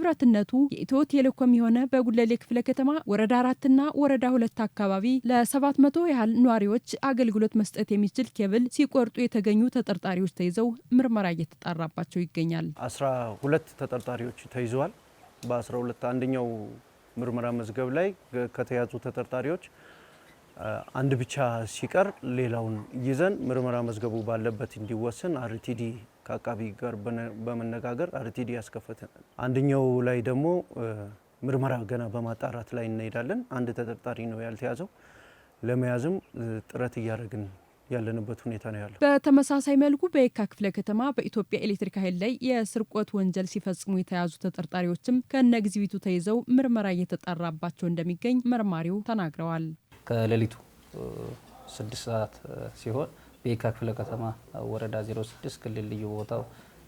ንብረትነቱ የኢትዮ ቴሌኮም የሆነ በጉለሌ ክፍለ ከተማ ወረዳ አራትና ወረዳ ሁለት አካባቢ ለሰባት መቶ ያህል ነዋሪዎች አገልግሎት መስጠት የሚችል ኬብል ሲቆርጡ የተገኙ ተጠርጣሪዎች ተይዘው ምርመራ እየተጣራባቸው ይገኛል። አስራ ሁለት ተጠርጣሪዎች ተይዘዋል። በአስራ ሁለት አንደኛው ምርመራ መዝገብ ላይ ከተያዙ ተጠርጣሪዎች አንድ ብቻ ሲቀር ሌላውን ይዘን ምርመራ መዝገቡ ባለበት እንዲወሰን አርቲዲ ከአቃቢ ጋር በመነጋገር አርቲዲ ያስከፈተናል። አንደኛው ላይ ደግሞ ምርመራ ገና በማጣራት ላይ እንሄዳለን። አንድ ተጠርጣሪ ነው ያልተያዘው። ለመያዝም ጥረት እያደረግን ያለንበት ሁኔታ ነው ያለው። በተመሳሳይ መልኩ በየካ ክፍለ ከተማ በኢትዮጵያ ኤሌክትሪክ ኃይል ላይ የስርቆት ወንጀል ሲፈጽሙ የተያዙ ተጠርጣሪዎችም ከነግዚቢቱ ተይዘው ምርመራ እየተጣራባቸው እንደሚገኝ መርማሪው ተናግረዋል። ከሌሊቱ ስድስት ሰዓት ሲሆን በየካ ክፍለ ከተማ ወረዳ 06 ክልል ልዩ ቦታው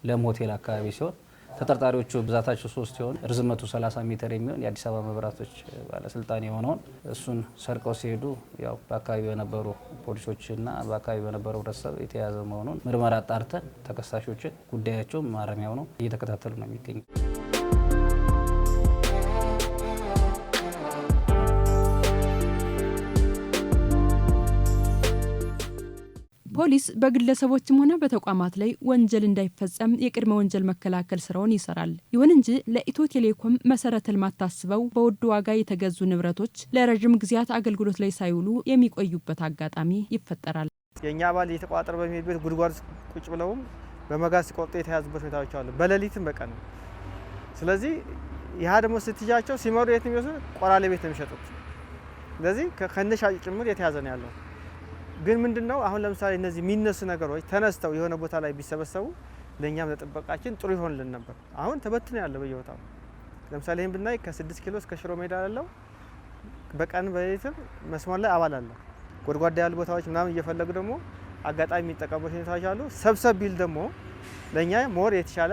ለም ሆቴል አካባቢ ሲሆን ተጠርጣሪዎቹ ብዛታቸው ሶስት ሲሆን ርዝመቱ 30 ሜትር የሚሆን የአዲስ አበባ መብራቶች ባለስልጣን የሆነውን እሱን ሰርቀው ሲሄዱ ያው በአካባቢ በነበሩ ፖሊሶችና በአካባቢ በነበረው ህብረተሰብ የተያዘ መሆኑን ምርመራ አጣርተን ተከሳሾችን ጉዳያቸው ማረሚያው ነው እየተከታተሉ ነው የሚገኘው። ፖሊስ በግለሰቦችም ሆነ በተቋማት ላይ ወንጀል እንዳይፈጸም የቅድመ ወንጀል መከላከል ስራውን ይሰራል። ይሁን እንጂ ለኢትዮ ቴሌኮም መሰረተ ልማት ታስበው በውድ ዋጋ የተገዙ ንብረቶች ለረዥም ጊዜያት አገልግሎት ላይ ሳይውሉ የሚቆዩበት አጋጣሚ ይፈጠራል። የእኛ አባል የተቋጠረ በሚሄድበት ጉድጓድ ቁጭ ብለውም በመጋዝ ሲቆርጡ የተያዙበት ሁኔታዎች አሉ፣ በሌሊትም በቀን ስለዚህ ይህ ደግሞ ስትጃቸው ሲመሩ የት ነው የሚወስዱት? ቆራሌ ቤት ነው የሚሸጡት። ስለዚህ ከነሻጭ ጭምር የተያዘ ነው ያለው። ግን ምንድነው አሁን ለምሳሌ እነዚህ የሚነሱ ነገሮች ተነስተው የሆነ ቦታ ላይ ቢሰበሰቡ ለእኛም ለጥበቃችን ጥሩ ይሆንልን ነበር። አሁን ተበትነ ያለ በየቦታው ለምሳሌ ይህን ብናይ ከስድስት ኪሎ እስከ ሽሮ ሜዳ ያለው በቀን በሌትም መስመር ላይ አባል አለ። ጎድጓዳ ያሉ ቦታዎች ምናምን እየፈለጉ ደግሞ አጋጣሚ የሚጠቀሙበት ሁኔታዎች አሉ። ሰብሰብ ቢል ደግሞ ለእኛ ሞር የተሻለ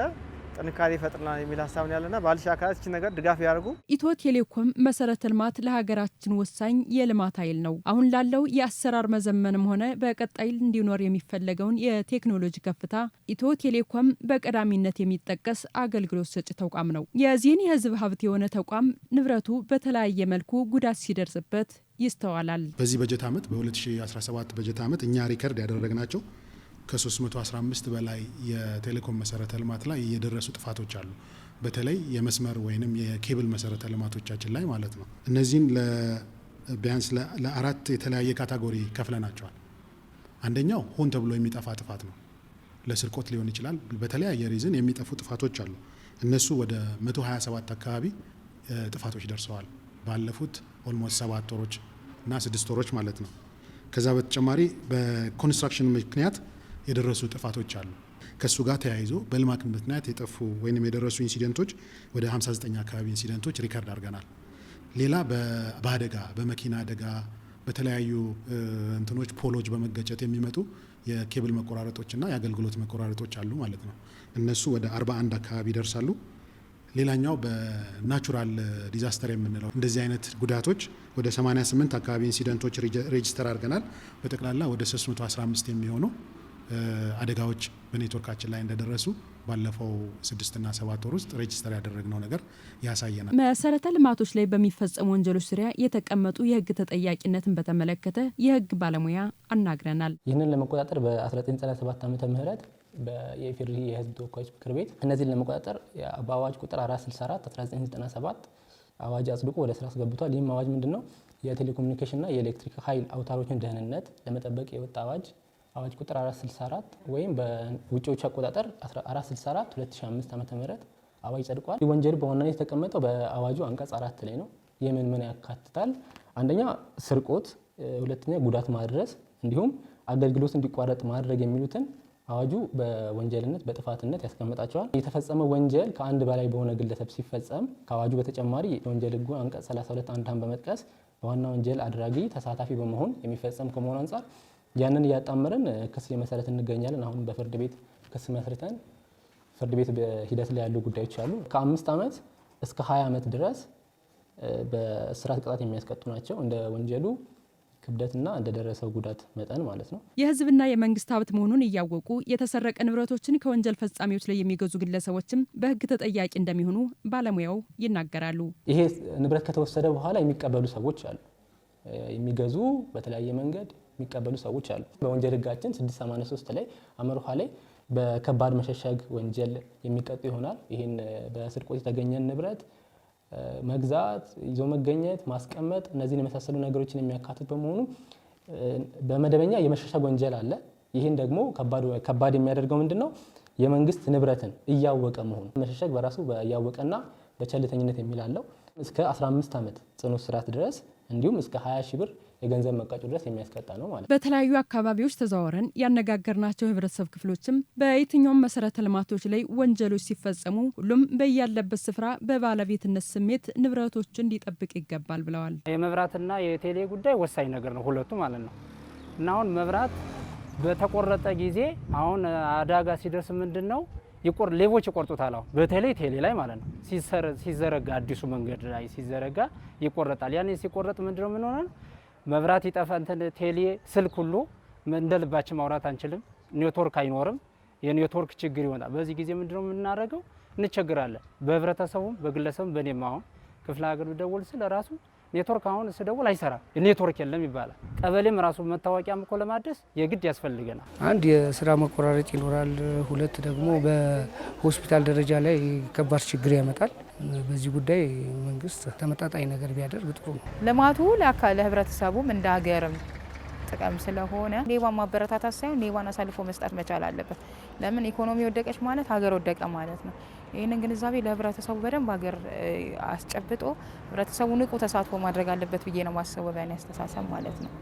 ጥንካሬ ይፈጥርናል የሚል ሀሳብ ነው ያለና ባለድርሻ አካላት እችን ነገር ድጋፍ ያደርጉ። ኢትዮ ቴሌኮም መሰረተ ልማት ለሀገራችን ወሳኝ የልማት ኃይል ነው። አሁን ላለው የአሰራር መዘመንም ሆነ በቀጣይ እንዲኖር የሚፈለገውን የቴክኖሎጂ ከፍታ ኢትዮ ቴሌኮም በቀዳሚነት የሚጠቀስ አገልግሎት ሰጪ ተቋም ነው። የዚህን የህዝብ ሀብት የሆነ ተቋም ንብረቱ በተለያየ መልኩ ጉዳት ሲደርስበት ይስተዋላል። በዚህ በጀት ዓመት በ2017 በጀት ዓመት እኛ ሪከርድ ያደረግናቸው ከ315 በላይ የቴሌኮም መሰረተ ልማት ላይ የደረሱ ጥፋቶች አሉ። በተለይ የመስመር ወይንም የኬብል መሰረተ ልማቶቻችን ላይ ማለት ነው። እነዚህን ቢያንስ ለአራት የተለያየ ካታጎሪ ከፍለናቸዋል። አንደኛው ሆን ተብሎ የሚጠፋ ጥፋት ነው። ለስርቆት ሊሆን ይችላል። በተለያየ ሪዝን የሚጠፉ ጥፋቶች አሉ። እነሱ ወደ 127 አካባቢ ጥፋቶች ደርሰዋል ባለፉት ኦልሞስት ሰባት ወሮች እና ስድስት ወሮች ማለት ነው። ከዛ በተጨማሪ በኮንስትራክሽን ምክንያት የደረሱ ጥፋቶች አሉ። ከእሱ ጋር ተያይዞ በልማት ምክንያት የጠፉ ወይም የደረሱ ኢንሲደንቶች ወደ 59 አካባቢ ኢንሲደንቶች ሪከርድ አድርገናል። ሌላ በአደጋ በመኪና አደጋ በተለያዩ እንትኖች ፖሎች በመገጨት የሚመጡ የኬብል መቆራረጦችና የአገልግሎት መቆራረጦች አሉ ማለት ነው። እነሱ ወደ 41 አካባቢ ይደርሳሉ። ሌላኛው በናቹራል ዲዛስተር የምንለው እንደዚህ አይነት ጉዳቶች ወደ 88 አካባቢ ኢንሲደንቶች ሬጅስተር አድርገናል። በጠቅላላ ወደ 315 የሚሆነው አደጋዎች በኔትወርካችን ላይ እንደደረሱ ባለፈው ስድስትና ሰባት ወር ውስጥ ሬጅስተር ያደረግነው ነገር ያሳየናል። መሰረተ ልማቶች ላይ በሚፈጸሙ ወንጀሎች ዙሪያ የተቀመጡ የህግ ተጠያቂነትን በተመለከተ የህግ ባለሙያ አናግረናል። ይህንን ለመቆጣጠር በ1997 ዓ ምህረት የኢፌዴሪ የህዝብ ተወካዮች ምክር ቤት እነዚህን ለመቆጣጠር በአዋጅ ቁጥር 464 1997 አዋጅ አጽድቆ ወደ ስራ አስገብቷል። ይህም አዋጅ ምንድን ነው? የቴሌኮሙኒኬሽንና የኤሌክትሪክ ኃይል አውታሮችን ደህንነት ለመጠበቅ የወጣ አዋጅ አዋጅ ቁጥር 464 ወይም በውጪዎች አቆጣጠር 464 2005 ዓ ም አዋጅ ጸድቋል። ወንጀል በዋናነት የተቀመጠው በአዋጁ አንቀጽ አራት ላይ ነው። ይህ ምን ምን ያካትታል? አንደኛ ስርቆት፣ ሁለተኛ ጉዳት ማድረስ እንዲሁም አገልግሎት እንዲቋረጥ ማድረግ የሚሉትን አዋጁ በወንጀልነት በጥፋትነት ያስቀምጣቸዋል። የተፈጸመ ወንጀል ከአንድ በላይ በሆነ ግለሰብ ሲፈጸም ከአዋጁ በተጨማሪ የወንጀል ህጉ አንቀጽ 32 አንድ በመጥቀስ በዋና ወንጀል አድራጊ ተሳታፊ በመሆን የሚፈጸም ከመሆኑ አንጻር ያንን እያጣመርን ክስ የመሰረት እንገኛለን። አሁን በፍርድ ቤት ክስ መስርተን ፍርድ ቤት ሂደት ላይ ያሉ ጉዳዮች አሉ። ከአምስት ዓመት እስከ ሀያ ዓመት ድረስ በእስራት ቅጣት የሚያስቀጡ ናቸው እንደ ወንጀሉ ክብደትና እንደደረሰው ጉዳት መጠን ማለት ነው። የህዝብና የመንግስት ሀብት መሆኑን እያወቁ የተሰረቀ ንብረቶችን ከወንጀል ፈጻሚዎች ላይ የሚገዙ ግለሰቦችም በህግ ተጠያቂ እንደሚሆኑ ባለሙያው ይናገራሉ። ይሄ ንብረት ከተወሰደ በኋላ የሚቀበሉ ሰዎች አሉ፣ የሚገዙ በተለያየ መንገድ የሚቀበሉ ሰዎች አሉ። በወንጀል ህጋችን 683 ላይ አመርኋ ላይ በከባድ መሸሸግ ወንጀል የሚቀጡ ይሆናል። ይህን በስርቆት የተገኘን ንብረት መግዛት፣ ይዞ መገኘት፣ ማስቀመጥ እነዚህን የመሳሰሉ ነገሮችን የሚያካትት በመሆኑ በመደበኛ የመሸሸግ ወንጀል አለ። ይህን ደግሞ ከባድ የሚያደርገው ምንድን ነው? የመንግስት ንብረትን እያወቀ መሆኑ። መሸሸግ በራሱ እያወቀና በቸልተኝነት የሚላለው እስከ 15 ዓመት ጽኑ እስራት ድረስ እንዲሁም እስከ 20 ሺህ ብር የገንዘብ መቀጮ ድረስ የሚያስቀጣ ነው ማለት። በተለያዩ አካባቢዎች ተዘዋውረን ያነጋገርናቸው የህብረተሰብ ክፍሎችም በየትኛውም መሰረተ ልማቶች ላይ ወንጀሎች ሲፈጸሙ ሁሉም በያለበት ስፍራ በባለቤትነት ስሜት ንብረቶችን እንዲጠብቅ ይገባል ብለዋል። የመብራትና የቴሌ ጉዳይ ወሳኝ ነገር ነው ሁለቱ ማለት ነው እና አሁን መብራት በተቆረጠ ጊዜ አሁን አደጋ ሲደርስ ምንድን ነው ሌቦች ይቆርጡታል። አሁን በተለይ ቴሌ ላይ ማለት ነው ሲዘረጋ አዲሱ መንገድ ላይ ሲዘረጋ ይቆረጣል። ያኔ ሲቆረጥ ምንድነው ምን ሆነ? መብራት ይጠፋ እንትን ቴሌ ስልክ ሁሉ እንደ ልባችን ማውራት አንችልም። ኔትወርክ አይኖርም። የኔትወርክ ችግር ይሆናል። በዚህ ጊዜ ምንድነው የምናደርገው? እንቸግራለን። በህብረተሰቡም በግለሰቡም በእኔም አሁን ክፍለ ሀገር ደወል ስለ ራሱ ኔትወርክ አሁን ስደውል አይሰራም፣ ኔትወርክ የለም ይባላል። ቀበሌም ራሱ መታወቂያም እኮ ለማደስ የግድ ያስፈልገናል። አንድ የስራ መቆራረጥ ይኖራል፣ ሁለት ደግሞ በሆስፒታል ደረጃ ላይ ከባድ ችግር ያመጣል። በዚህ ጉዳይ መንግስት ተመጣጣኝ ነገር ቢያደርግ ጥሩ ነው። ልማቱ ለህብረተሰቡም እንደ ሀገርም ጥቅም ስለሆነ ሌባን ማበረታታት ሳይሆን ሌባን አሳልፎ መስጠት መቻል አለበት። ለምን ኢኮኖሚ ወደቀች ማለት ሀገር ወደቀ ማለት ነው። ይህንን ግንዛቤ ለህብረተሰቡ በደንብ ሀገር አስጨብጦ ህብረተሰቡ ንቁ ተሳትፎ ማድረግ አለበት ብዬ ነው ማስበው ያኔ አስተሳሰብ ማለት ነው።